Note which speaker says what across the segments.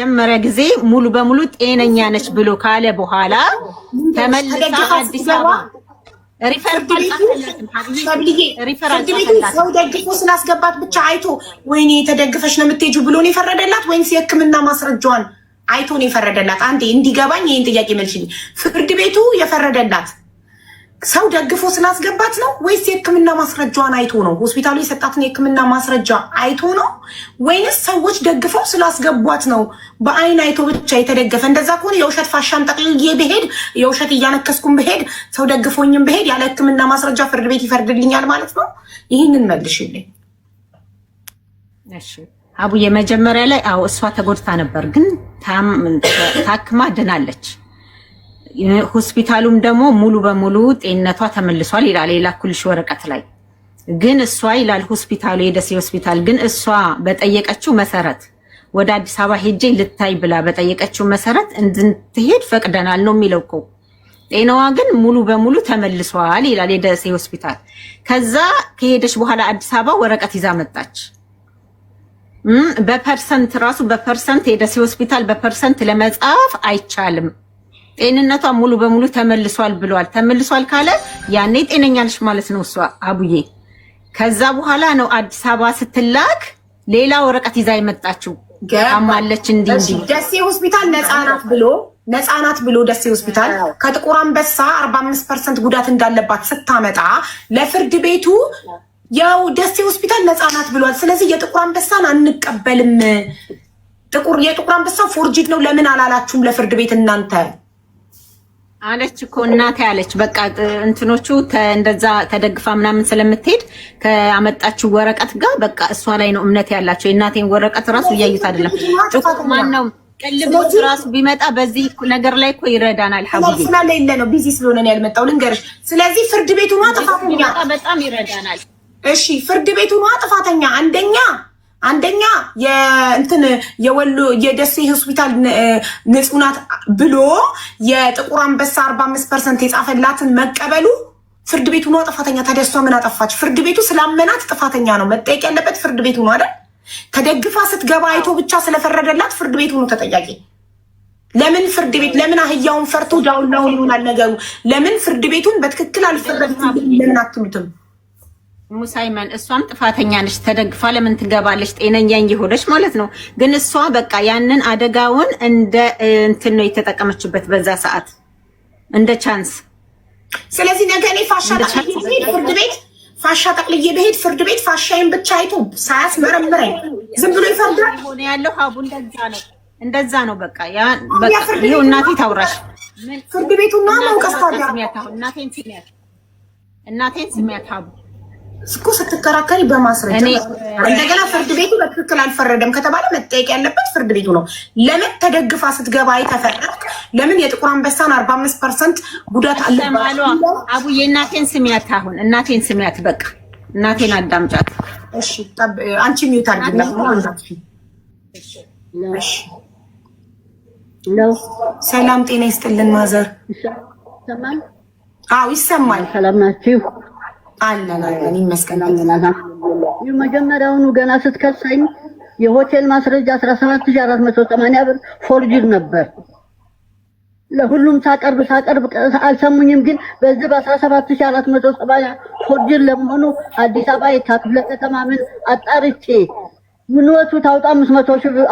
Speaker 1: ለመጀመሪያ ጊዜ ሙሉ በሙሉ ጤነኛ ነች ብሎ ካለ በኋላ ተመልሳ አዲስ አበባ ሰው ደግፎ ስላስገባት ብቻ አይቶ ወይኔ ተደግፈሽ ነው የምትሄጂው ብሎ ነው የፈረደላት ወይንስ የሕክምና ማስረጃዋን አይቶ ነው የፈረደላት? አንዴ እንዲገባኝ ይህን ጥያቄ መልሽልኝ። ፍርድ ቤቱ የፈረደላት ሰው ደግፎ ስላስገባት ነው ወይስ የሕክምና ማስረጃዋን አይቶ ነው? ሆስፒታሉ የሰጣትን የሕክምና ማስረጃ አይቶ ነው ወይንስ ሰዎች ደግፈው ስላስገቧት ነው? በአይን አይቶ ብቻ የተደገፈ። እንደዛ ከሆነ የውሸት ፋሻን ጠቅልዬ ብሄድ፣ የውሸት እያነከስኩም ብሄድ፣ ሰው ደግፎኝም ብሄድ ያለ ሕክምና ማስረጃ ፍርድ ቤት ይፈርድልኛል ማለት ነው። ይህንን መልሽልኝ
Speaker 2: አቡ። የመጀመሪያ ላይ አዎ እሷ ተጎድታ ነበር፣ ግን ታክማ ድናለች። ሆስፒታሉም ደግሞ ሙሉ በሙሉ ጤንነቷ ተመልሷል ይላል የላኩልሽ ወረቀት ላይ። ግን እሷ ይላል ሆስፒታሉ የደሴ ሆስፒታል ግን እሷ በጠየቀችው መሰረት ወደ አዲስ አበባ ሄጄ ልታይ ብላ በጠየቀችው መሰረት እንድትሄድ ፈቅደናል ነው የሚለው እኮ። ጤናዋ ግን ሙሉ በሙሉ ተመልሷል ይላል የደሴ ሆስፒታል። ከዛ ከሄደች በኋላ አዲስ አበባ ወረቀት ይዛ መጣች። በፐርሰንት ራሱ በፐርሰንት የደሴ ሆስፒታል በፐርሰንት ለመጻፍ አይቻልም። ጤንነቷ ሙሉ በሙሉ ተመልሷል ብሏል። ተመልሷል ካለ ያኔ ጤነኛ ማለት ነው እሷ አቡዬ። ከዛ በኋላ ነው አዲስ አበባ ስትላክ ሌላ ወረቀት ይዛ የመጣችው አማለች እንዲ
Speaker 1: ደሴ ሆስፒታል ነፃ ብሎ ነፃ ብሎ ደሴ ሆስፒታል ከጥቁር አንበሳ 45 ፐርሰንት ጉዳት እንዳለባት ስታመጣ ለፍርድ ቤቱ ያው ደሴ ሆስፒታል ነፃ ብሏል። ስለዚህ የጥቁር አንበሳን አንቀበልም፣ ጥቁር የጥቁር አንበሳ ፎርጂድ ነው ለምን አላላችሁም ለፍርድ ቤት እናንተ
Speaker 2: አለች እኮ እናቴ አለች። በቃ እንትኖቹ እንደዛ ተደግፋ ምናምን ስለምትሄድ ከአመጣችው ወረቀት ጋር በቃ እሷ ላይ ነው እምነት ያላቸው። የእናቴን ወረቀት ራሱ እያዩት አይደለም። ጭቁ ማነው ቅልቦት ራሱ ቢመጣ በዚህ ነገር ላይ እኮ ይረዳናል። ሀቡስና
Speaker 1: ለይለ ነው ቢዚ ስለሆነ ያልመጣው ልንገርሽ። ስለዚህ ፍርድ ቤቱ ነው ጥፋተኛ፣
Speaker 2: በጣም ይረዳናል።
Speaker 1: እሺ ፍርድ ቤቱ ነው ጥፋተኛ አንደኛ አንደኛ የእንትን የወሎ የደሴ ሆስፒታል ንጹህ ናት ብሎ የጥቁር አንበሳ አርባ አምስት ፐርሰንት የጻፈላትን መቀበሉ ፍርድ ቤቱ ነው ጥፋተኛ። ተደሷ ምን አጠፋች? ፍርድ ቤቱ ስላመናት ጥፋተኛ ነው መጠየቅ ያለበት ፍርድ ቤቱ ነው አይደል? ተደግፋ ስትገባ አይቶ ብቻ ስለፈረደላት ፍርድ ቤቱ ነው ተጠያቂ። ለምን ፍርድ ቤት ለምን አህያውን ፈርቶ ዳውላውን ይሆናል ነገሩ? ለምን ፍርድ ቤቱን በትክክል አልፈረድም ለምን አትሉትም?
Speaker 2: ሙሳይመን እሷም ጥፋተኛ ነች ተደግፋ ለምን ትገባለች? ጤነኛ የሆነች ማለት ነው። ግን እሷ በቃ ያንን አደጋውን እንደ እንትን ነው የተጠቀመችበት በዛ ሰዓት እንደ ቻንስ።
Speaker 1: ስለዚህ ነገ እኔ ፋሻ ጠቅልዬ ፍርድ ቤት ፋሻ ጠቅልዬ ብሄድ ፍርድ ቤት ፋሻዬን ብቻ አይቶ ሳያስመረምረኝ ዝም ብሎ ይፈርዳል።
Speaker 2: ሆነ ያለው ሀቡ እንደዛ ነው እንደዛ ነው። በቃ ያ በቃ ይሄው እናቴ ታውራሽ
Speaker 1: ፍርድ ቤቱና መንቀስታዳ
Speaker 2: እናቴን ስሚያት፣ እናቴን ስሚያት ሀቡ
Speaker 1: እኮ ስትከራከሪ በማስረጃ እንደገና ፍርድ ቤቱ በትክክል አልፈረደም ከተባለ መጠየቅ ያለበት ፍርድ ቤቱ ነው። ለምን ተደግፋ ስትገባ የተፈረድክ? ለምን የጥቁር አንበሳን አርባ አምስት ፐርሰንት ጉዳት
Speaker 2: አለባሉ? አቡዬ እናቴን ስሚያት፣ አሁን እናቴን ስሚያት፣ በቃ እናቴን አዳምጫት።
Speaker 1: አንቺ ሚዩት አድርግላ ነው። ሰላም ጤና ይስጥልን ማዘር። ይሰማል። ሰላም ናችሁ? አለን አለን ይመስገን
Speaker 2: አለን። ገና ስትከሳኝ የሆቴል ማስረጃ 17480 ብር ፎርጅር ነበር። ለሁሉም ሳቀርብ ሳቀርብ አልሰሙኝም። ግን በዚህ በ17480 ፎርጅድ ለመሆኑ አዲስ አበባ የካክፍለ ከተማ ምን አጣርቼ ምንወቱ ታውጣ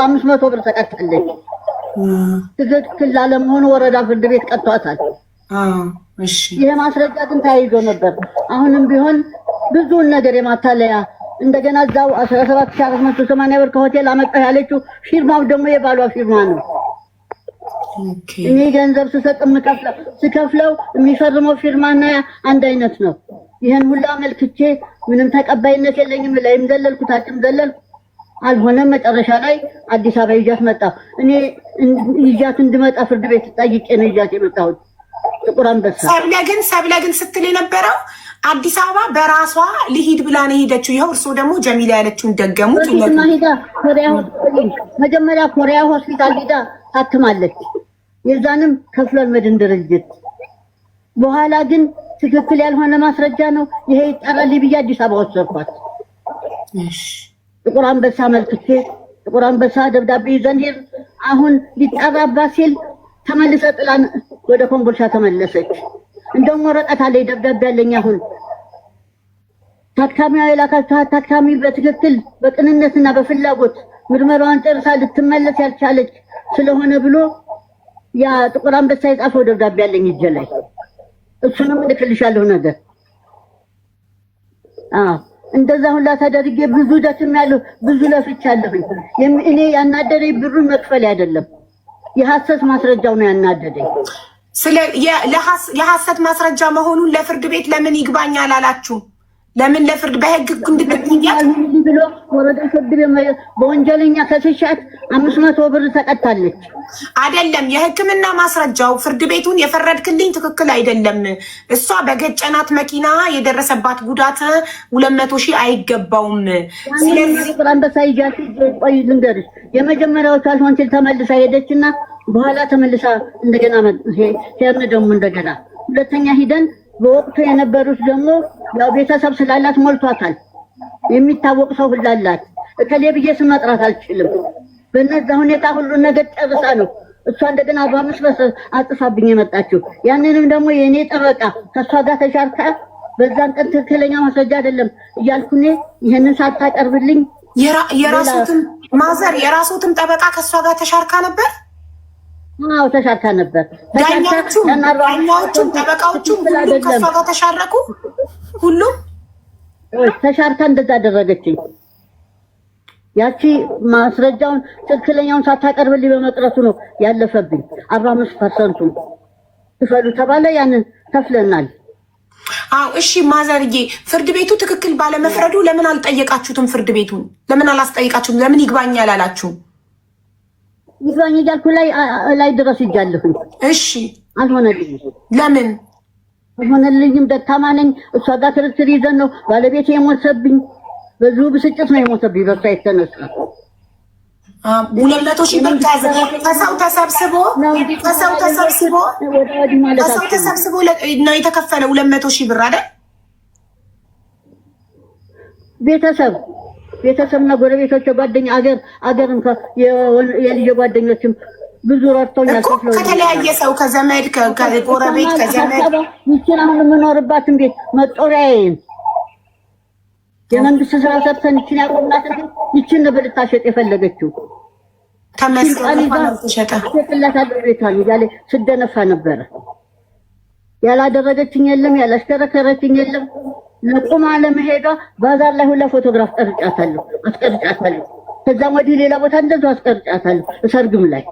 Speaker 2: 500 ብር ተቀጣለች። ትክክል ላለመሆኑ ወረዳ ፍርድ ቤት ቀጥቷታል። ይህ ማስረጃ ግን ተያይዞ ነበር። አሁንም ቢሆን ብዙውን ነገር የማታለያ እንደገና እዛው 17480 ብር ከሆቴል አመጣህ ያለችው ፊርማው ደግሞ የባሏ ፊርማ ነው። እኔ ገንዘብ ስሰጥ የምከፍለው ስከፍለው የሚፈርመው ፊርማና አንድ አይነት ነው። ይህን ሁሉ አመልክቼ ምንም ተቀባይነት የለኝም። ላይም ዘለልኩ፣ ታችም ዘለልኩ፣ አልሆነም። መጨረሻ ላይ አዲስ አበባ ይዣት መጣሁ። እኔ ይዣት እንድመጣ ፍርድ ቤት ጠይቄ ነው ይዣት የመጣሁት።
Speaker 1: ሰብለ ግን ሰብለ ግን ስትል የነበረው አዲስ አበባ በራሷ ሊሂድ ብላ ነው የሄደችው። ይኸው እርሶ ደግሞ ጀሚላ ያለችውን ደገሙት።
Speaker 2: መጀመሪያ ኮሪያ ሆስፒታል ሄዳ ታክማለች። የዛንም ከፍሏል መድን ድርጅት። በኋላ ግን ትክክል ያልሆነ ማስረጃ ነው ይሄ ይጠራል ብዬ አዲስ አበባ ወሰድኳት። ጥቁር አንበሳ መልክቼ ጥቁር አንበሳ ደብዳቤ ይዘን አሁን ሊጠራባ ሲል ተመልሰ ጥላን ወደ ኮምቦልቻ ተመለሰች። እንደውም ወረቀት አለኝ ደብዳቤ አለኝ። አሁን ታካሚ የላካችኋት ታካሚ በትክክል በቅንነትና በፍላጎት ምርመራዋን ጨርሳ ልትመለስ ያልቻለች ስለሆነ ብሎ ያ ጥቁር አንበሳ የጻፈው ደብዳቤ አለኝ እጄ ላይ እሱንም እልክልሻለሁ ነገር አዎ እንደዛ ሁላ ተደርጌ ብዙ ደክም ያለሁ ብዙ ለፍቻለሁኝ። እኔ ያናደረኝ ብሩን መክፈል አይደለም የሀሰት ማስረጃው ነው ያናደደኝ።
Speaker 1: ስለ ማስረጃ መሆኑን ለፍርድ ቤት ለምን ይግባኛል አላችሁ? ለምን ለፍርድ በህግ እኮ እንድትያዝ
Speaker 2: ብሎ ወረዳ ፍርድ በወንጀለኛ ከስሻት አምስት መቶ ብር ተቀጣለች።
Speaker 1: አይደለም የህክምና ማስረጃው ፍርድ ቤቱን የፈረድክልኝ ትክክል አይደለም፣ እሷ በገጨናት መኪና የደረሰባት ጉዳት ሁለት መቶ ሺህ አይገባውም።
Speaker 2: ስለዚህ አንበሳ ይዣት ቆይ ልንገርሽ፣ የመጀመሪያው ካልሆን ሲል ተመልሳ ሄደችና በኋላ ተመልሳ እንደገና ሄድን ደግሞ እንደገና ሁለተኛ ሂደን በወቅቱ የነበሩት ደግሞ ያው ቤተሰብ ስላላት ሞልቷታል። የሚታወቅ ሰው ሁላላት እከሌ ብዬ ስም መጥራት አልችልም። በነዛ ሁኔታ ሁሉን ነገር ጨርሳ ነው እሷ እንደገና አርባ አጥፋብኝ የመጣችው። ያንንም ደግሞ የእኔ ጠበቃ ከእሷ ጋር ተሻርካ በዛን ቀን ትክክለኛ ማስረጃ አይደለም እያልኩኔ ይህንን ሳታቀርብልኝ
Speaker 1: የራሱትም ማዘር የራሱትም ጠበቃ ከእሷ ጋር ተሻርካ ነበር።
Speaker 2: አዎ ተሻርካነበር
Speaker 1: ነበር ዳኛዎቹም ጠበቃዎቹም ሁሉም ከእሷ ጋር ተሻረኩ። ሁሉም
Speaker 2: ተሻርካ እንደዛ አደረገችኝ። ያቺ ማስረጃውን ትክክለኛውን ሳታቀርብልኝ በመቅረቱ ነው ያለፈብኝ። አርባ አምስት ፐርሰንቱን ክፈሉ ተባለ። ያንን ከፍለናል።
Speaker 1: አዎ እሺ፣ ማዘርዬ ፍርድ ቤቱ ትክክል ባለመፍረዱ ለምን አልጠየቃችሁትም? ፍርድ ቤቱን ለምን አላስጠይቃችሁም? ለምን ይግባኛል አላችሁም?
Speaker 2: ይፈኝ እያልኩ ላይ ላይ ድረስ ይጃለሁኝ። እሺ አልሆነልኝም። ለምን አልሆነልኝም? ደካማ ነኝ። እሷ ጋር ክርክር ይዘን ነው ባለቤት የሞተብኝ። ብዙ ብስጭት ነው የሞተብኝ በእሷ የተነሳ
Speaker 1: ሁለት መቶ ሺህ ብር ከሰው ተሰብስቦ ከሰው ተሰብስቦ ነው የተከፈለ ሁለት መቶ ሺህ ብር አይደል
Speaker 2: ቤተሰብ ቤተሰብና ጎረቤቶች ጓደኛ አገር አገርም የልጅ ጓደኞችም ብዙ
Speaker 1: ረድቶኛል። ከተለያየ ሰው ከዘመድ ከጎረቤት ከዘመድ
Speaker 2: ይችን አሁን የምኖርባትን ቤት መጦሪያዬን የመንግስት ስራ ሰርተን ይችን ያቆምናትን ይችን ነበር ልታሸጥ የፈለገችው። ተመስሸጠላታለ እያለ ስደነፋ ነበረ። ያላደረገችኝ የለም፣ ያላሽከረከረችኝ የለም። ለቁማ ለመሄዷ ባዛር ላይ ሁላ ፎቶግራፍ ቀርጫታለሁ አስቀርጫታለሁ። ከዛም ወዲህ ሌላ ቦታ እንደዚሁ አስቀርጫታለሁ። እሰርግም ላይ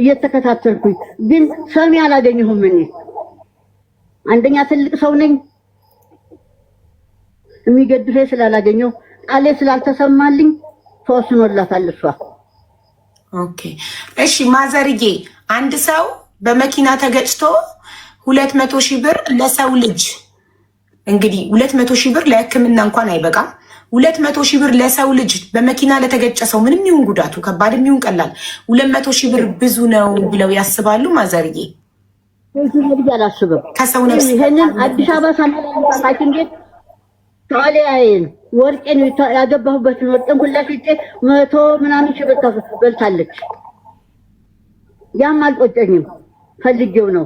Speaker 2: እየተከታተልኩኝ ግን ሰሚ አላገኘሁም። እኔ አንደኛ ትልቅ ሰው ነኝ፣ የሚገድፌ ስላላገኘው ቃሌ ስላልተሰማልኝ ተወስኖላታል እሷ።
Speaker 1: ኦኬ እሺ፣ ማዘርጌ አንድ ሰው በመኪና ተገጭቶ ሁለት መቶ ሺህ ብር ለሰው ልጅ እንግዲህ ሁለት መቶ ሺህ ብር ለህክምና እንኳን አይበቃም። ሁለት መቶ ሺህ ብር ለሰው ልጅ በመኪና ለተገጨ ሰው ምንም ይሁን ጉዳቱ ከባድ ይሁን ቀላል፣ ሁለት መቶ ሺህ ብር ብዙ ነው ብለው ያስባሉ? ማዘርዬ
Speaker 2: ብዙ አላስብም። ከሰው ነፍስ አዲስ አበባ ሳናላሳች እንዴት ታሊያይን ወርቄን ያገባሁበትን ወርቄን ሁላ መቶ ምናምን ሺህ ብር በልታለች። ያም አልቆጨኝም፣ ፈልጌው ነው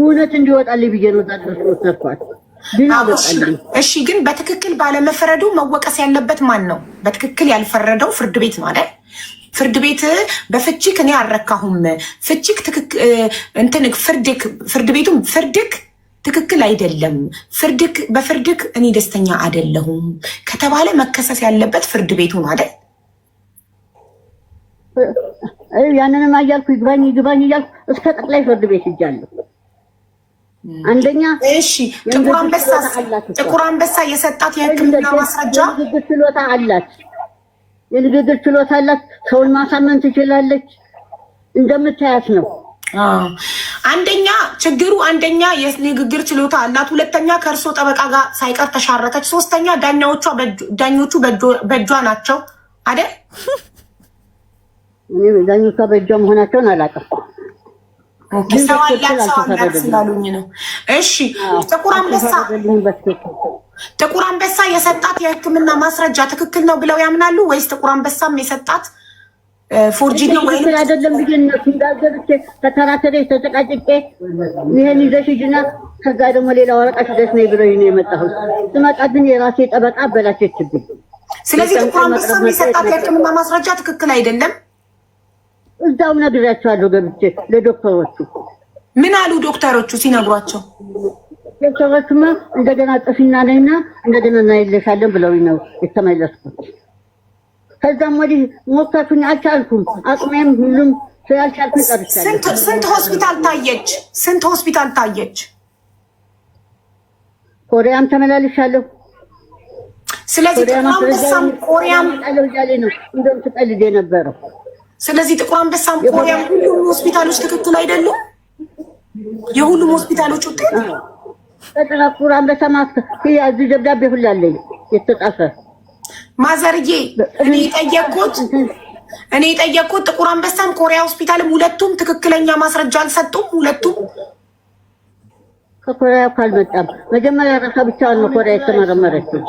Speaker 2: እውነት እንዲወጣልኝ ብዬ ነው ዛድረስ
Speaker 1: ወሰድኳት። እሺ ግን በትክክል ባለመፈረዱ መወቀስ ያለበት ማን ነው? በትክክል ያልፈረደው ፍርድ ቤት ነው አይደል? ፍርድ ቤት በፍቺክ እኔ አልረካሁም፣ ፍቺክ እንትን ፍርድክ ፍርድ ቤቱም ፍርድክ ትክክል አይደለም፣ ፍርድክ በፍርድክ እኔ ደስተኛ አይደለሁም ከተባለ መከሰስ ያለበት ፍርድ ቤቱ ነው አይደል?
Speaker 2: ያንንም አያልኩ ይግባኝ ይግባኝ እያልኩ እስከ ጠቅላይ ፍርድ ቤት እጃለሁ።
Speaker 1: አንደኛ እሺ፣ ጥቁር አንበሳ የሰጣት የሕክምና ማስረጃ
Speaker 2: የንግግር ችሎታ አላት። የንግግር ችሎታ አላት። ሰውን ማሳመን ትችላለች። እንደምታያት ነው።
Speaker 1: አንደኛ ችግሩ አንደኛ የንግግር ችሎታ አላት፣ ሁለተኛ ከእርሶ ጠበቃ ጋር ሳይቀር ተሻረከች፣ ሶስተኛ ዳኛዎቿ ዳኞቹ በእጇ ናቸው አይደል?
Speaker 2: ዳኞቿ በእጇ መሆናቸውን አላቀፋ
Speaker 1: ሰው አላት ሰው አላት ስላሉኝ ነው። እሺ ጥቁር አንበሳ ጥቁር አንበሳ የሰጣት የሕክምና ማስረጃ ትክክል ነው ብለው ያምናሉ ወይስ ጥቁር አንበሳም የሰጣት ነው
Speaker 2: ወይ አይደለም? ተተራተሬ ተጨቃጭቄ ይሄን ይዘሽ ሂጂና ከዛ ደግሞ ሌላ ወረቀት ነይ ብለው ነው የመጣሁት። ስመጣ ግን የራሴ ጠበቃ አበላሸችብኝ።
Speaker 1: ስለዚህ ጥቁር አንበሳም የሰጣት የሕክምና ማስረጃ ትክክል አይደለም።
Speaker 2: እዛው ነግሬያቸዋለሁ ገብቼ ለዶክተሮቹ።
Speaker 1: ምን አሉ ዶክተሮቹ ሲነግሯቸው?
Speaker 2: ዶክተሮቹማ እንደገና ጥፊና ነኝና እንደገና እናይልሻለን ብለው ነው የተመለስኩት። ከዛም ወዲህ ሞካቱኝ፣ አልቻልኩም። አቅሜም ሁሉም
Speaker 1: ስላልቻልኩ ቀርቻለሁ። ስንት ሆስፒታል ታየች? ስንት ሆስፒታል ታየች?
Speaker 2: ኮሪያም ተመላልሻለሁ።
Speaker 1: ስለዚህ ኮሪያም
Speaker 2: ነው እንደውም ትቀልድ የነበረው
Speaker 1: ስለዚህ ጥቁር አንበሳም ኮሪያም ሁሉም ሆስፒታሎች ትክክል አይደሉም። የሁሉም ሆስፒታሎች ውጤት
Speaker 2: ጥቁር አንበሳ እዚህ ደብዳቤ ሁላለኝ የተጻፈ
Speaker 1: ማዘርዬ እኔ የጠየቅኩት እኔ የጠየቅኩት ጥቁር አንበሳም ኮሪያ ሆስፒታልም ሁለቱም ትክክለኛ ማስረጃ አልሰጡም። ሁለቱም
Speaker 2: ከኮሪያ ካልመጣም መጀመሪያ ራሷ ብቻ ነው ኮሪያ የተመረመረችው።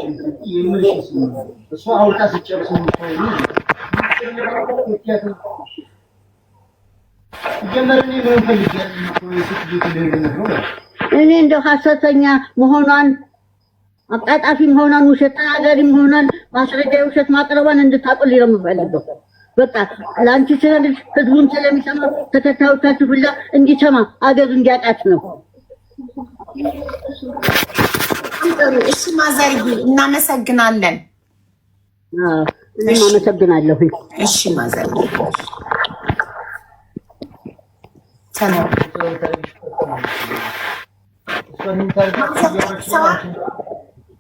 Speaker 2: እኔ እንደ ሀሰተኛ መሆኗን አጣጣፊ መሆኗን ውሸት ተናጋሪ መሆኗን ማስረጃ ውሸት ማቅረቧን እንድታቆልኝ ነው በቃ ለአንቺ ስለልጅ ህዝቡን ስለሚሰማ ተከታዮቻችሁ ሁላ እንዲሰማ አገዙ እንዲያጣት ነው።
Speaker 1: እሺ ማዘርዬ፣ እናመሰግናለን።
Speaker 2: እኔም አመሰግናለሁ።
Speaker 1: እሺ ማዘር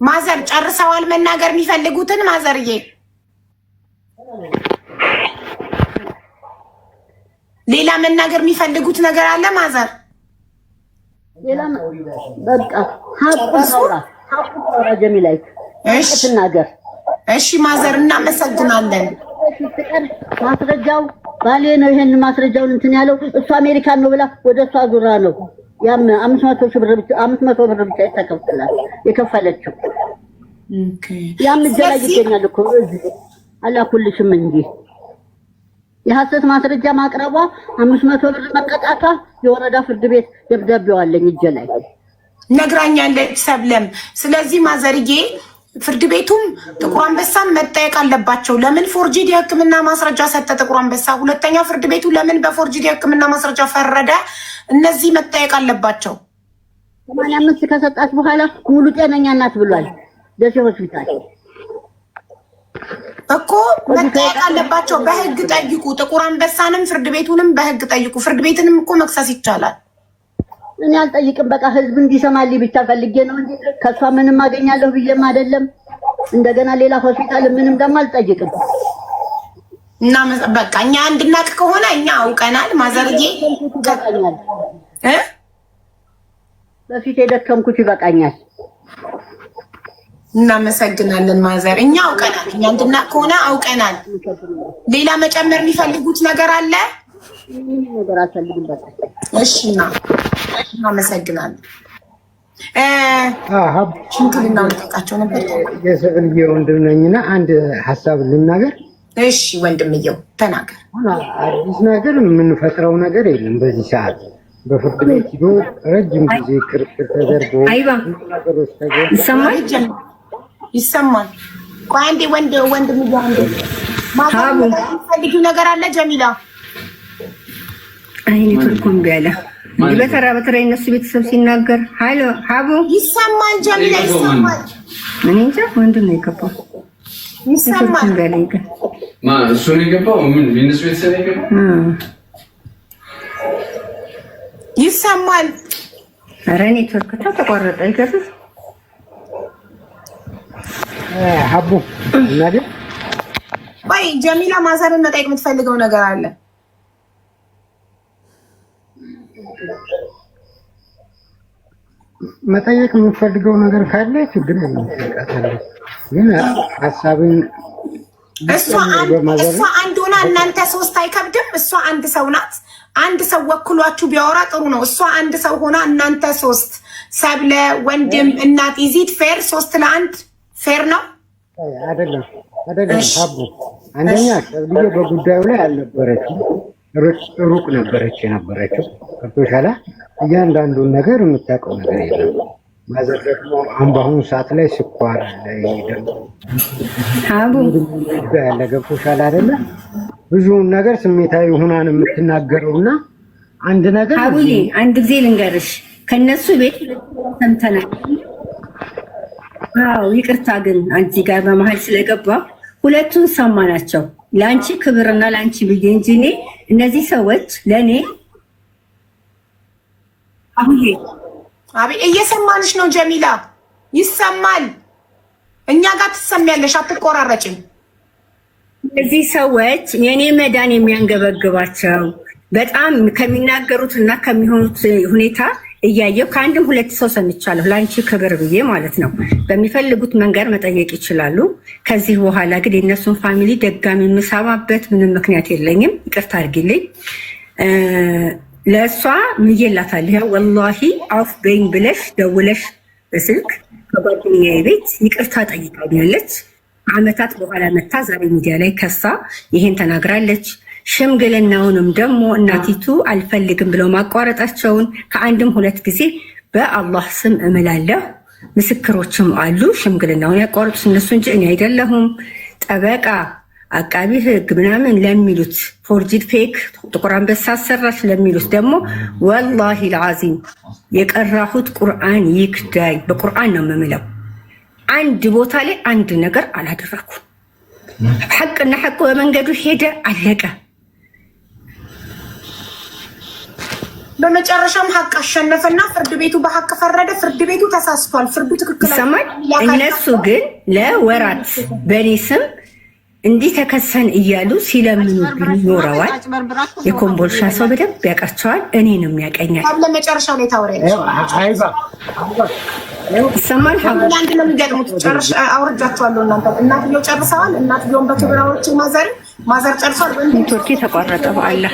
Speaker 1: ማዘር ጨርሰዋል መናገር የሚፈልጉትን ማዘርዬ ሌላ መናገር የሚፈልጉት ነገር አለ? ማዘር
Speaker 2: በቃ ሀቁ ጀሚላይ ትናገር
Speaker 1: እሺ ማዘር እናመሰግናለን።
Speaker 2: ማስረጃው ባሌ ነው። ይሄን ማስረጃውን እንትን ያለው እሱ አሜሪካን ነው ብላ ወደ እሷ ዙራ ነው ያም አምስት መቶ ሺህ ብር ብቻ አምስት መቶ ብር ብቻ ይተከፍላል የከፈለችው። ያም እጅ ላይ ይገኛል እኮ አላኩልሽም እንጂ የሐሰት ማስረጃ ማቅረቧ አምስት መቶ ብር መቀጣቷ የወረዳ ፍርድ ቤት ደብዳቤው አለኝ እጄ ላይ
Speaker 1: ነግራኛለች ሰብለም። ስለዚህ ማዘርጌ ፍርድ ቤቱም ጥቁር አንበሳን መጠየቅ አለባቸው። ለምን ፎርጂድ ህክምና ማስረጃ ሰጠ ጥቁር አንበሳ? ሁለተኛ ፍርድ ቤቱ ለምን በፎርጂድ ህክምና ማስረጃ ፈረደ? እነዚህ መጠየቅ አለባቸው።
Speaker 2: ሰማንያ አምስት ከሰጣች በኋላ ሙሉ ጤነኛ ናት ብሏል ደሴ ሆስፒታል
Speaker 1: እኮ መጠየቅ አለባቸው። በህግ ጠይቁ። ጥቁር አንበሳንም ፍርድ ቤቱንም በህግ ጠይቁ። ፍርድ ቤትንም እኮ መክሰስ ይቻላል።
Speaker 2: እኔ አልጠይቅም። በቃ ህዝብ እንዲሰማልኝ ብቻ ፈልጌ ነው እንጂ ከሷ ምንም አገኛለሁ ብዬም አይደለም። እንደገና ሌላ ሆስፒታል ምንም ደግሞ አልጠይቅም።
Speaker 1: እና በቃ እኛ እንድናቅ ከሆነ እኛ አውቀናል። ማዘርዬ
Speaker 2: በፊት የደከምኩት ይበቃኛል።
Speaker 1: እናመሰግናለን ማዘር። እኛ አውቀናል። እኛ እንድናቅ ከሆነ አውቀናል። ሌላ መጨመር የሚፈልጉት ነገር አለ? ነገር አልፈልግም። በቃ እሺ። እና
Speaker 2: አንድ ሀሳብ ልናገር።
Speaker 1: እሺ ወንድምየው ተናገር።
Speaker 2: አዲስ ነገር የምንፈጥረው ነገር የለም በዚህ ሰዓት በፍርድ ቤት ሂዶ ረጅም ጊዜ ክርክር
Speaker 1: ተደርጎ ይሰማል ቆይ አንዴ ወንድምየው አንዴ ማፈልጊው ነገር አለ ጀሚላ
Speaker 2: አይኔቱ ያለ በተራ በተራ የነሱ ቤተሰብ ሲናገር ሀሎ ሀቦ
Speaker 1: ይሰማል። ጀሚላ ይሰማል።
Speaker 2: እኔ እንጃ ወንድም ነው የገባው ይሰማል። እሱ ነው የገባው። ምን የነሱ ቤተሰብ የገባው
Speaker 1: ይሰማል። ቆይ ጀሚላ ማዘርን መጠየቅ የምትፈልገው ነገር አለ
Speaker 2: መጠየቅ የምንፈልገው ነገር ካለ ችግር የለም። ግን ሀሳብን
Speaker 1: እሷ አንድ ሆና እናንተ ሶስት አይከብድም። እሷ አንድ ሰው ናት። አንድ ሰው ወክሏችሁ ቢያወራ ጥሩ ነው። እሷ አንድ ሰው ሆና እናንተ ሶስት፣ ሰብለ ወንድም፣ እናት ይዚት ፌር ሶስት ለአንድ ፌር ነው
Speaker 2: አይደለም? አይደለም። አንደኛ ሰብልዬ በጉዳዩ ላይ አልነበረችም። ሩቅ ነበረች የነበረችው ከብቶሻላ እያንዳንዱን ነገር የምታውቀው ነገር የለም። ማዘር ደግሞ አሁን በአሁኑ ሰዓት ላይ ስኳር አለ፣ ያለ ገብቶሻል ብዙውን ነገር ስሜታዊ ሁናን የምትናገረው እና አንድ ነገር
Speaker 1: አቡዬ፣ አንድ ጊዜ ልንገርሽ ከነሱ ቤት ሰምተናል። ይቅርታ ግን አንቺ ጋር በመሀል ስለገባ ሁለቱን ሰማ ናቸው። ለአንቺ ክብርና ለአንቺ ብዬ እንጂ እኔ እነዚህ ሰዎች ለእኔ አሁን አቢ እየሰማንሽ ነው ጀሚላ፣ ይሰማል። እኛ ጋር ትሰሚያለሽ፣ አትቆራረጭም።
Speaker 2: እነዚህ ሰዎች የእኔ መዳን የሚያንገበግባቸው በጣም ከሚናገሩት እና ከሚሆኑት ሁኔታ እያየው ከአንድም ሁለት ሰው ሰምቻለሁ። ለአንቺ ክብር ብዬ ማለት ነው። በሚፈልጉት መንገድ መጠየቅ ይችላሉ። ከዚህ በኋላ ግን የእነሱን ፋሚሊ ደጋሚ የምሰማበት ምንም ምክንያት የለኝም። ይቅርታ አድርጊልኝ። ለእሷ ምዬላታለሁ። ያው ወላሂ አፍ በይኝ ብለሽ ደውለሽ በስልክ ከጓደኛዬ ቤት ይቅርታ ጠይቃኛለች። አመታት በኋላ መታ ዛሬ ሚዲያ ላይ ከሳ ይሄን ተናግራለች። ሽምግልናውንም ደግሞ እናቲቱ አልፈልግም ብለው ማቋረጣቸውን ከአንድም ሁለት ጊዜ በአላህ ስም እምላለሁ። ምስክሮችም አሉ። ሽምግልናውን ያቋረጡት እነሱ እንጂ እኔ አይደለሁም። ጠበቃ አቃቢ ህግ ምናምን ለሚሉት ፎርጂድ ፌክ ጥቁር አንበሳ አሰራች ለሚሉት ደግሞ ወላሂ ልዓዚም የቀራሁት ቁርአን ይክዳይ፣ በቁርአን ነው የምምለው። አንድ ቦታ ላይ አንድ ነገር አላደረኩም። ሐቅና ሐቅ በመንገዱ ሄደ አለቀ።
Speaker 1: በመጨረሻም ሀቅ አሸነፈና ፍርድ ቤቱ በሀቅ ፈረደ። ፍርድ ቤቱ ተሳስቷል፣ ፍርዱ ትክክል
Speaker 2: ይሰማል። እነሱ ግን ለወራት በእኔ ስም እንዲህ ተከሰን እያሉ ሲለምኑ ኖረዋል። የኮምቦልሻ ሰው በደንብ ያውቃቸዋል፣ እኔንም ያቀኛል።
Speaker 1: ለመጨረሻው ላይ ታወሪያለሽ። ይሰማል። አንድ ነው የሚገጥሙት። አውርጃቸዋለሁ። እናንተ እናትየው ጨርሰዋል። እናትየውን በክብር ማዘርም ማዘር ጨርሷል።
Speaker 2: ኔትወርክ የተቋረጠ በአላ።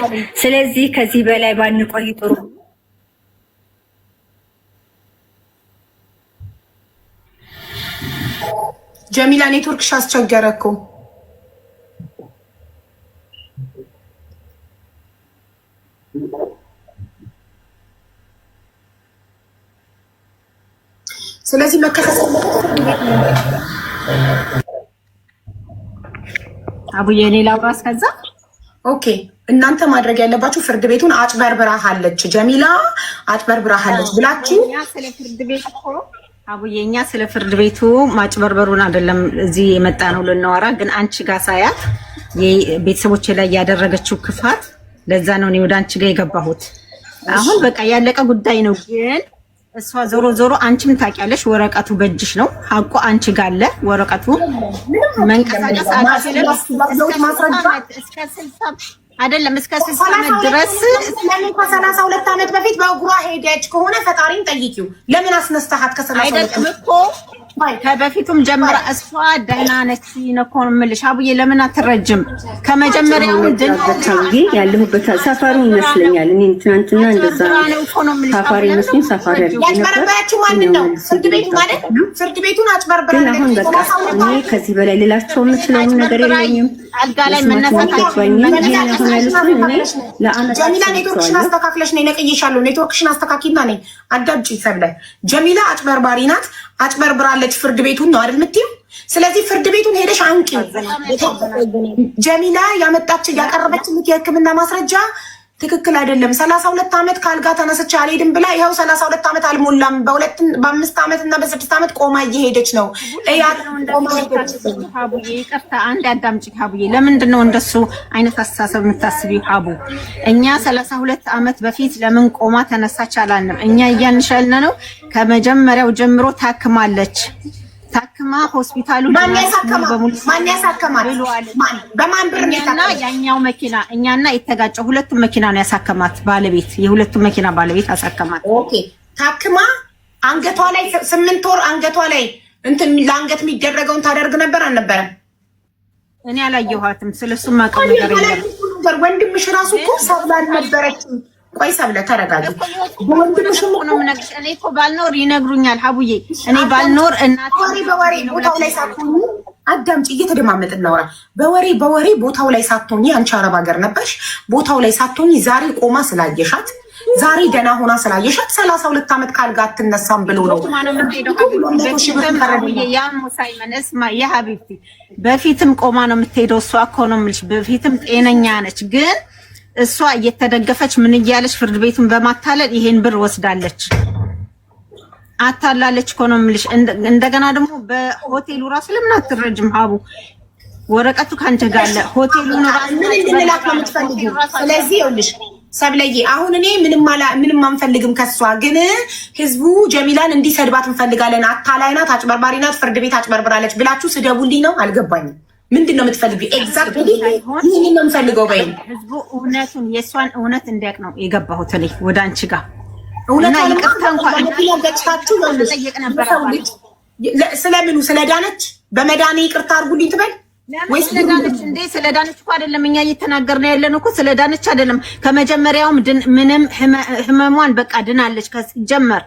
Speaker 2: ስለዚህ ከዚህ በላይ ባንቆይ ጥሩ።
Speaker 1: ጀሚላ ኔትወርክ አስቸገረ እኮ ስለዚህ መከታተል አቡዬ ሌላ ብራስ ከዛ ኦኬ እናንተ ማድረግ ያለባችሁ ፍርድ ቤቱን አጭበርብራሃለች ጀሚላ አጭበርብራሃለች ብላችሁ ስለ ፍርድ
Speaker 2: ቤት እኮ አቡዬ እኛ ስለ ፍርድ ቤቱ ማጭበርበሩን አይደለም እዚህ የመጣ ነው ልናወራ። ግን አንቺ ጋር ሳያት ቤተሰቦች ላይ ያደረገችው ክፋት ለዛ ነው እኔ ወደ አንቺ ጋር የገባሁት። አሁን በቃ ያለቀ ጉዳይ ነው ግን እሷ ዞሮ ዞሮ አንቺም ታውቂያለሽ፣ ወረቀቱ በእጅሽ ነው። ሀቁ አንቺ ጋለ ወረቀቱ። መንቀሳቀስ አይደለም እስከ ስልሳ
Speaker 1: ዓመት ድረስ ከሰላሳ ሁለት ዓመት በፊት በእግሯ ሄደች ከሆነ ፈጣሪን ጠይቂው። ለምን አስነስተሃት?
Speaker 2: ከሰላሳ ሁለት ከበፊቱም ጀምራ እሷ ደህና ነች ነው እኮ የምልሽ። አቡዬ ለምን አትረጅም? ከመጀመሪያው ድንቻውዬ ያለሁበት ሰፈሩ ይመስለኛል። እኔ ትናንትና እንደዛ ሰፈሪ ይመስለኝ ሰፈሪ ያጭበረበረችው ማንን ነው?
Speaker 1: ፍርድ ቤቱ ማለት ፍርድ ቤቱን አጭበርብራለች።
Speaker 2: አሁን በቃ እኔ ከዚህ በላይ ልላቸው የምችለው ነገር የለኝም። አልጋ ላይ መነሳታኝ
Speaker 1: ጀሚላ ኔትወርክሽን አስተካክለሽ ነው ነቅይሻለሁ። ኔትወርክሽን አስተካኪና ነኝ አዳምጪ ሰብለ ጀሚላ አጭበርባሪ ናት፣ አጭበርብራለች ትችላለች። ፍርድ ቤቱን ነው አይደል የምትይው? ስለዚህ ፍርድ ቤቱን ሄደሽ አንቂ። ጀሚላ ያመጣች ያቀረበች የህክምና ማስረጃ ትክክል አይደለም። ሰላሳ ሁለት ዓመት ከአልጋ ተነስቼ አልሄድም ብላ ይኸው ሰላሳ ሁለት ዓመት አልሞላም። በአምስት ዓመት እና በስድስት ዓመት ቆማ እየሄደች ነው። ሀቡዬ ይቅርታ፣ አንድ አዳምጪ ሀቡዬ። ለምንድን ነው እንደሱ አይነት አስተሳሰብ የምታስቢው ሀቡ? እኛ ሰላሳ ሁለት ዓመት በፊት ለምን ቆማ ተነሳች አላልንም። እኛ እያንሸልነ ነው ከመጀመሪያው ጀምሮ ታክማለች ታክማ ሆስፒታሉ
Speaker 2: በማን እኛና ያኛው መኪና እኛና የተጋጨው ሁለቱም መኪና ነው ያሳከማት ባለቤት የሁለቱም መኪና ባለቤት አሳከማት።
Speaker 1: ኦኬ ታክማ አንገቷ ላይ ስምንት ወር አንገቷ ላይ እንትን ለአንገት የሚደረገውን ታደርግ ነበር አልነበረም?
Speaker 2: እኔ አላየኋትም። ስለሱም አውቀው ነገር
Speaker 1: የለም። ወንድምሽ ራሱ እኮ ሰብላ አልነበረችም ቆይ ሰብለ ተረጋጊ።
Speaker 2: እኔ ባልኖር ይነግሩኛል ሀቡዬ። እኔ ባልኖር
Speaker 1: እናቴ በወሬ ቦታው ላይ ሳትሆኚ አዳምጪ፣ እየተደማመጥን እናውራ። በወሬ በወሬ ቦታው ላይ ሳትሆኚ አንቺ አረብ ሀገር ነበርሽ። ቦታው ላይ ሳትሆኚ ዛሬ ቆማ ስላየሻት ዛሬ ደህና ሆና ስላየሻት ሰላሳ ሁለት ዓመት ካልጋ አትነሳም ብሎ ነው
Speaker 2: በፊትም ቆማ ነው የምትሄደው እሷ እኮ ነው የምልሽ። በፊትም ጤነኛ ነች ግን እሷ እየተደገፈች ምን እያለች ፍርድ ቤቱን በማታለል ይሄን ብር ወስዳለች። አታላለች እኮ ነው የምልሽ። እንደገና ደግሞ በሆቴሉ ራሱ ለምን አትረጅም? ሀቡ ወረቀቱ ካንተ ጋር አለ።
Speaker 1: ሆቴሉን ምን ነው የምትፈልጊው? ስለዚህ ይኸውልሽ ሰብለዬ አሁን እኔ ምንም አንፈልግም ከሷ ግን ህዝቡ ጀሚላን እንዲሰድባት እንፈልጋለን። አታላይ ናት፣ አጭበርባሪ ናት፣ ፍርድ ቤት አጭበርብራለች ብላችሁ ስደቡልኝ ነው። አልገባኝም። ምንድን ነው የምትፈልጊው? ኤግዛክት ይህን ነው የምፈልገው። በይ
Speaker 2: ህዝቡ እውነቱን የእሷን እውነት እንዲያውቅ ነው የገባሁት እኔ ወደ አንቺ ጋር
Speaker 1: ስለምኑ ስለዳነች በመዳኔ ይቅርታ አድርጉልኝ ትበል
Speaker 2: ስለዳነች እንዴ? ስለዳነች እኮ አይደለም እኛ እየተናገርን ያለን እኮ ስለዳነች አይደለም። ከመጀመሪያውም ምንም ህመሟን በቃ ድናለች። ከጀመር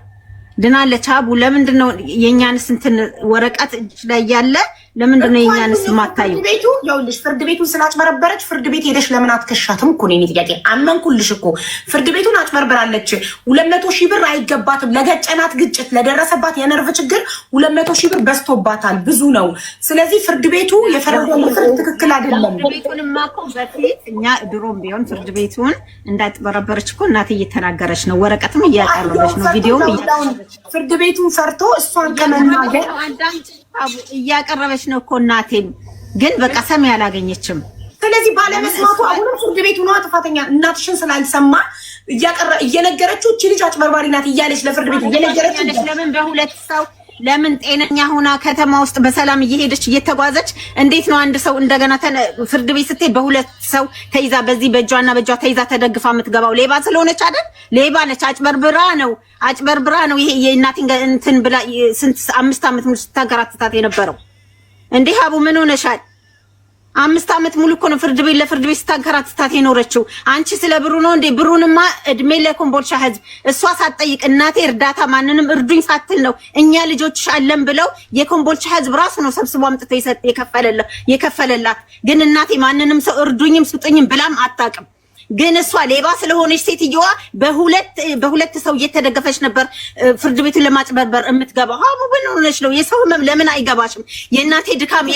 Speaker 2: ድናለች። አቡ ለምንድን ነው የእኛን ስንትን ወረቀት እጅ ላይ ያለ ለምንድን ነው የኛንስ የማታዩ?
Speaker 1: ቤቱ ይኸውልሽ፣ ፍርድ ቤቱን ስላጭበረበረች ፍርድ ቤት ሄደሽ ለምን አትከሻትም እኮ ነው ጥያቄ። አመንኩልሽ እኮ ፍርድ ቤቱን አጭበርበራለች። ሁለት መቶ ሺህ ብር አይገባትም። ለገጨናት ግጭት፣ ለደረሰባት የነርቭ ችግር ሁለት መቶ ሺህ ብር በዝቶባታል፣ ብዙ ነው። ስለዚህ ፍርድ ቤቱ የፈረደውን ፍርድ ትክክል አይደለም።
Speaker 2: ፍርድ ቤቱን ማቆ በፊት እኛ ድሮም ቢሆን ፍርድ ቤቱን እንዳጭበረበረች እኮ እናት እየተናገረች ነው፣ ወረቀትም እያቀረበች ነው፣ ቪዲዮም
Speaker 1: ፍርድ ቤቱን ፈርቶ እሷን ከመናገር
Speaker 2: እያቀረበች እያለች ነው እኮ እናቴም፣ ግን በቃ ሰማይ አላገኘችም።
Speaker 1: ስለዚህ ባለመስማቱ አሁንም ፍርድ ቤት ሆኗ ጥፋተኛ እናትሽን ስላልሰማ እያቀረ እየነገረችው እቺ ልጅ አጭበርባሪ ናት እያለች ለፍርድ ቤት እየነገረችው
Speaker 2: ለምን በሁለት ሰው ለምን ጤነኛ ሆና ከተማ ውስጥ በሰላም እየሄደች እየተጓዘች እንዴት ነው አንድ ሰው እንደገና ፍርድ ቤት ስትሄድ በሁለት ሰው ተይዛ በዚህ በእጇና በእጇ ተይዛ ተደግፋ የምትገባው? ሌባ ስለሆነች አይደል? ሌባ ነች። አጭበርብራ ነው አጭበርብራ ነው። ይሄ የእናቴን እንትን ብላ ስንት አምስት ዓመት ሙሉ ስታገራትታት የነበረው እንዲህ ሀቡ ምን ሆነሻል? አምስት ዓመት ሙሉ እኮ ነው ፍርድ ቤት ለፍርድ ቤት ስታንከራትታት የኖረችው። አንቺ ስለ ብሩ ነው እንዴ? ብሩንማ እድሜ ለኮምቦልቻ ህዝብ እሷ ሳትጠይቅ እናቴ እርዳታ ማንንም እርዱኝ ሳትል ነው እኛ ልጆችሽ አለን ብለው የኮምቦልቻ ህዝብ ራሱ ነው ሰብስቦ አምጥቶ የከፈለላት። ግን እናቴ ማንንም ሰው እርዱኝም ስጡኝም ብላም አታውቅም። ግን እሷ ሌባ ስለሆነች ሴትየዋ በሁለት በሁለት ሰው እየተደገፈች ነበር ፍርድ ቤቱን ለማጭበርበር የምትገባው። ሀቡ ምን ሆነች ነው? የሰው ህመም ለምን አይገባሽም? የእናቴ ድካም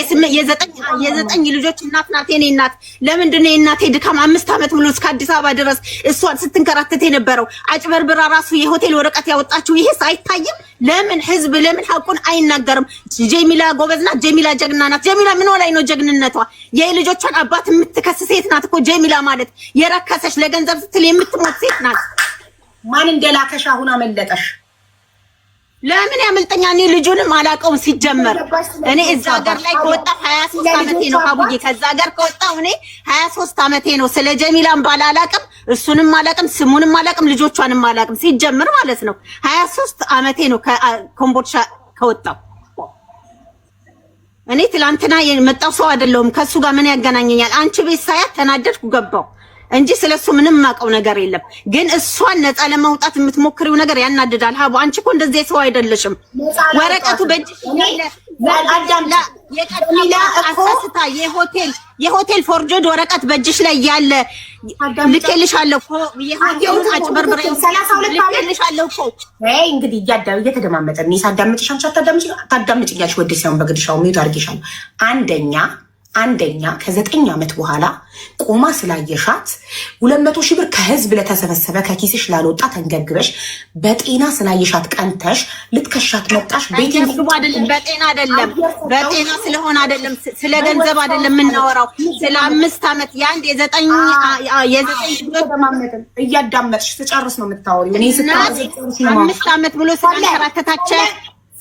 Speaker 2: የዘጠኝ ልጆች እናት ናት። የኔ እናት ለምንድን ነው የእናቴ ድካም አምስት ዓመት ብሎ እስከ አዲስ አበባ ድረስ እሷን ስትንከራተት የነበረው አጭበርብራ ራሱ የሆቴል ወረቀት ያወጣችው ይሄስ አይታይም? ለምን ህዝብ ለምን ሀቁን አይናገርም? ጀሚላ ጎበዝ ናት። ጀሚላ ጀግና ናት። ጀሚላ ምን ላይ ነው ጀግንነቷ? የልጆቿን አባት የምትከስ ሴት ናት እኮ ጀሚላ ማለት ለከሰሽ ለገንዘብ ስትል የምትሞት ሴት ናት።
Speaker 1: ማን እንደላከሽ አሁን አመለጠሽ።
Speaker 2: ለምን ያመልጠኛ? እኔ ልጁንም አላውቀውም ሲጀመር። እኔ እዛ ሀገር ላይ ከወጣ ሀያ ሶስት ዓመቴ ነው አቡዬ። ከዛ ሀገር ከወጣሁ እኔ ሀያ ሶስት አመቴ ነው። ስለ ጀሚላን ባላላቅም እሱንም አላውቅም፣ ስሙንም አላውቅም፣ ልጆቿንም አላውቅም ሲጀምር ማለት ነው። ሀያ ሶስት አመቴ ነው ከኮምቦልቻ ከወጣሁ። እኔ ትላንትና የመጣው ሰው አይደለሁም። ከእሱ ጋር ምን ያገናኘኛል? አንቺ ቤት ሳያት ተናደድኩ ገባው እንጂ ስለ እሱ ምንም ማቀው ነገር የለም። ግን እሷን ነፃ ለማውጣት የምትሞክሪው ነገር ያናድዳል። ሀቡ አንቺ እኮ እንደዚህ ሰው አይደለሽም። ወረቀቱ በእጅሽ አሳስታ የሆቴል የሆቴል ፎርጆድ ወረቀት በእጅሽ ላይ ያለ ልኬልሻለሁ እኮ የሆቴል አጭበርብሬ
Speaker 1: ልኬልሻለሁ እኮ እንግዲህ እያዳ እየተደማመጠ ሳዳምጥሻ ታዳምጭኛሽ ወደ ሲሆን በግድሻው ሚዩት አድርጌሻለሁ አንደኛ አንደኛ ከዘጠኝ ዓመት በኋላ ቆማ ስላየሻት ሁለት መቶ ሺህ ብር ከህዝብ ለተሰበሰበ ከኪስሽ ላልወጣ ተንገግበሽ በጤና ስላየሻት ቀንተሽ ልትከሻት መጣሽ።
Speaker 2: በጤና አይደለም፣ በጤና ስለሆነ አይደለም፣ ስለ ገንዘብ አይደለም የምናወራው። ስለ አምስት ዓመት የአንድ የዘጠኝ
Speaker 1: እያዳመጥሽ ስጨርስ ነው የምታወሪው።
Speaker 2: አምስት ዓመት ብሎ ስላንከራተታቸው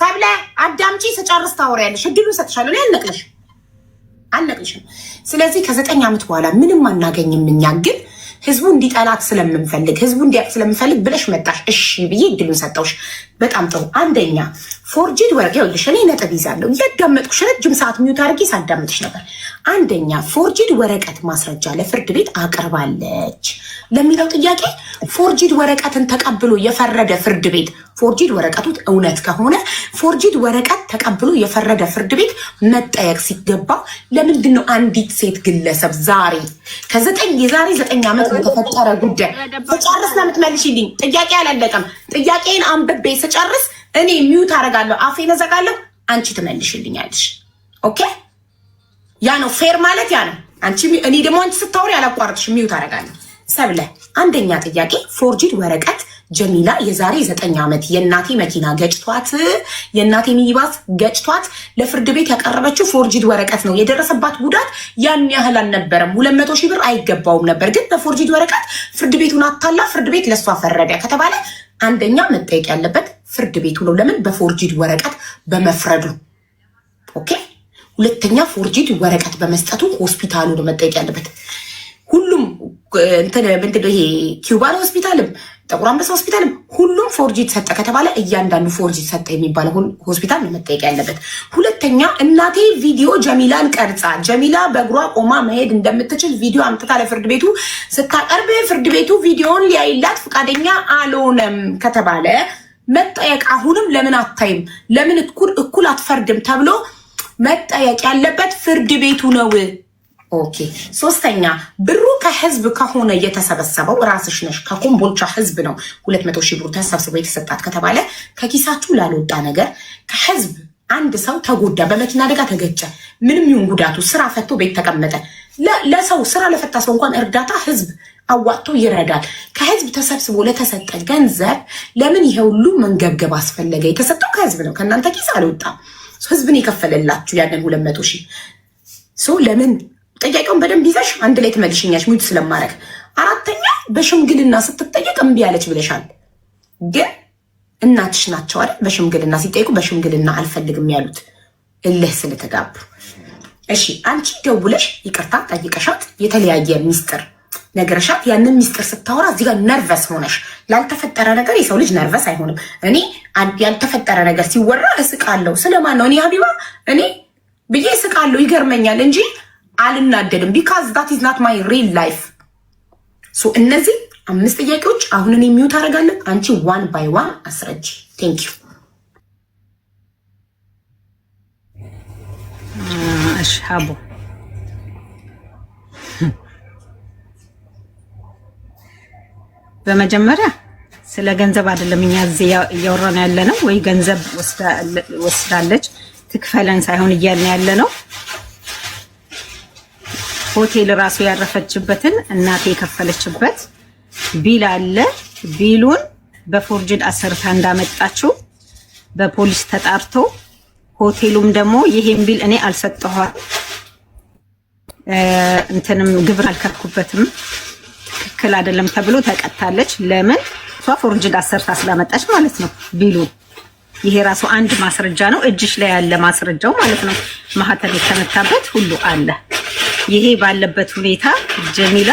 Speaker 1: ሰብለ አዳምጪ፣ ስጨርስ ታወሪያለሽ። እድሉ እሰጥሻለሁ። ያነቅልሽ አለቅሽም። ስለዚህ ከዘጠኝ ዓመት በኋላ ምንም አናገኝም። እኛ ግን ህዝቡ እንዲጠላት ስለምንፈልግ ህዝቡ እንዲያቅ ስለምንፈልግ ብለሽ መጣሽ። እሺ ብዬ እድሉን ሰጠውሽ። በጣም ጥሩ። አንደኛ ፎርጅድ ወረቀት ይኸውልሽ፣ እኔ ነጥብ ይዛለሁ። እያዳመጥኩሽ ረጅም ሰዓት ሚዩት አድርጌ ሳዳመጥሽ ነበር። አንደኛ ፎርጅድ ወረቀት ማስረጃ ለፍርድ ቤት አቅርባለች ለሚለው ጥያቄ ፎርጅድ ወረቀትን ተቀብሎ የፈረደ ፍርድ ቤት ፎርጂድ ወረቀቱ እውነት ከሆነ ፎርጂድ ወረቀት ተቀብሎ የፈረደ ፍርድ ቤት መጠየቅ ሲገባ ለምንድን ነው አንዲት ሴት ግለሰብ ዛሬ ከዘጠኝ የዛሬ ዘጠኝ ዓመት የተፈጠረ ጉዳይ ስጨርስ ነው የምትመልሺልኝ? ጥያቄ አላለቀም። ጥያቄን አንብቤ ስጨርስ እኔ ሚዩት አደርጋለሁ፣ አፌን እዘጋለሁ። አንቺ ትመልሽልኛለሽ። ኦኬ፣ ያ ነው ፌር ማለት ያ ነው። አንቺ እኔ ደግሞ አንቺ ስታወሪ አላቋርጥሽ፣ ሚዩት አደርጋለሁ። ሰብለ፣ አንደኛ ጥያቄ ፎርጂድ ወረቀት ጀሚላ የዛሬ ዘጠኝ ዓመት የእናቴ መኪና ገጭቷት የእናቴ ሚኒባስ ገጭቷት ለፍርድ ቤት ያቀረበችው ፎርጂድ ወረቀት ነው። የደረሰባት ጉዳት ያን ያህል አልነበረም። ሁለት መቶ ሺህ ብር አይገባውም ነበር፣ ግን በፎርጂድ ወረቀት ፍርድ ቤቱን አታላ ፍርድ ቤት ለእሷ ፈረደ ከተባለ አንደኛ መጠየቅ ያለበት ፍርድ ቤቱ ነው። ለምን በፎርጂድ ወረቀት በመፍረዱ። ኦኬ ሁለተኛ ፎርጂድ ወረቀት በመስጠቱ ሆስፒታሉ ነው መጠየቅ ያለበት። ሁሉም እንትን ምንድን ነው ይሄ ኪውባን ሆስፒታልም ጥቁር አንበሳ ሆስፒታል ሁሉም ፎርጂ ተሰጠ ከተባለ እያንዳንዱ ፎርጂ ተሰጠ የሚባለው ሆስፒታል ነው መጠየቅ ያለበት። ሁለተኛ እናቴ ቪዲዮ ጀሚላን ቀርጻ ጀሚላ በእግሯ ቆማ መሄድ እንደምትችል ቪዲዮ አምጥታ ለፍርድ ቤቱ ስታቀርብ ፍርድ ቤቱ ቪዲዮን ሊያይላት ፈቃደኛ አልሆነም ከተባለ መጠየቅ አሁንም ለምን አታይም፣ ለምን እኩል እኩል አትፈርድም ተብሎ መጠየቅ ያለበት ፍርድ ቤቱ ነው። ኦኬ ሶስተኛ ብሩ ከህዝብ ከሆነ የተሰበሰበው ራስሽ ነሽ። ከኮምቦልቻ ህዝብ ነው ሁለት መቶ ሺህ ብሩ ተሰብስቦ የተሰጣት ከተባለ ከኪሳችሁ ላልወጣ ነገር ከህዝብ አንድ ሰው ተጎዳ፣ በመኪና አደጋ ተገጨ፣ ምንም ይሁን ጉዳቱ ስራ ፈቶ ቤት ተቀመጠ። ለሰው ስራ ለፈታ ሰው እንኳን እርዳታ ህዝብ አዋጥቶ ይረዳል። ከህዝብ ተሰብስቦ ለተሰጠ ገንዘብ ለምን ይሄ ሁሉ መንገብገብ አስፈለገ? የተሰጠው ከህዝብ ነው፣ ከእናንተ ኪስ አልወጣም። ህዝብን የከፈለላችሁ ያንን ሁለት መቶ ሺህ ለምን ጥያቄውን በደንብ ይዘሽ አንድ ላይ ትመልሽኛለሽ ሙት ስለማረግ። አራተኛ በሽምግልና ስትጠየቅ እምቢ ያለች ብለሻል። ግን እናትሽ ናቸው አይደል? በሽምግልና ሲጠይቁ በሽምግልና አልፈልግም ያሉት እልህ ስለተጋቡ። እሺ አንቺ ደውለሽ ይቅርታ ጠይቀሻት የተለያየ ሚስጥር ነገረሻት። ያንን ሚስጥር ስታወራ እዚህ ጋር ነርቨስ ሆነሽ ላልተፈጠረ ነገር የሰው ልጅ ነርቨስ አይሆንም። እኔ ያልተፈጠረ ነገር ሲወራ እስቃለሁ። ስለማን ነው እኔ ሀቢባ እኔ ብዬ እስቃለሁ። ይገርመኛል እንጂ አልናደድም። ቢካዝ ዛት ኢዝ ናት ማይ ሪል ላይፍ። ሶ እነዚህ አምስት ጥያቄዎች አሁን እኔ የሚውት አደርጋለን። አንቺ ዋን ባይ ዋን አስረጅ። ቴንክ ዩ።
Speaker 2: እሺ በመጀመሪያ ስለ ገንዘብ አይደለም እኛ እዚህ እያወራን ያለ ነው፣ ወይ ገንዘብ ወስዳለች ትክፈለን ሳይሆን እያልን ያለ ነው ሆቴል ራሱ ያረፈችበትን እናቴ የከፈለችበት ቢል አለ። ቢሉን በፎርጅድ አሰርታ እንዳመጣችው በፖሊስ ተጣርቶ ሆቴሉም ደግሞ ይሄን ቢል እኔ አልሰጠኋል እንትንም ግብር አልከኩበትም ትክክል አይደለም ተብሎ ተቀጣለች። ለምን እሷ ፎርጅድ አሰርታ ስላመጣች ማለት ነው ቢሉ ይሄ ራሱ አንድ ማስረጃ ነው። እጅሽ ላይ ያለ ማስረጃው ማለት ነው። ማህተም የተመታበት ሁሉ አለ። ይሄ ባለበት ሁኔታ ጀሚላ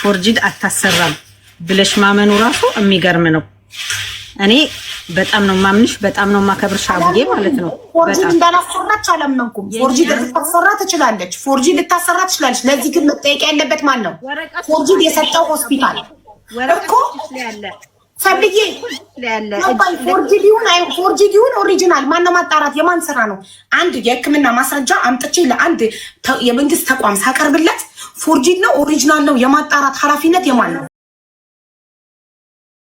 Speaker 2: ፎርጅድ አታሰራም ብለሽ ማመኑ ራሱ የሚገርም ነው። እኔ በጣም ነው ማምንሽ፣ በጣም ነው ማከብርሽ አብዬ ማለት ነው።
Speaker 1: ፎርጅድ እንዳላሰራች አላመንኩም። ፎርጅድ ልታሰራ ትችላለች። ፎርጅድ ልታሰራ ትችላለች። ለዚህ ግን መጠየቅ ያለበት ማን ነው? ፎርጅድ የሰጠው ሆስፒታል እኮ ሰብዬ ፎርጅዲውን ኦሪጂናል ማነው ማጣራት የማን ስራ ነው? አንድ የህክምና ማስረጃ አምጥቼ ለአንድ የመንግስት ተቋም ሳቀርብለት ፎርጂድ ነው ኦሪጂናል ነው የማጣራት ኃላፊነት የማን ነው?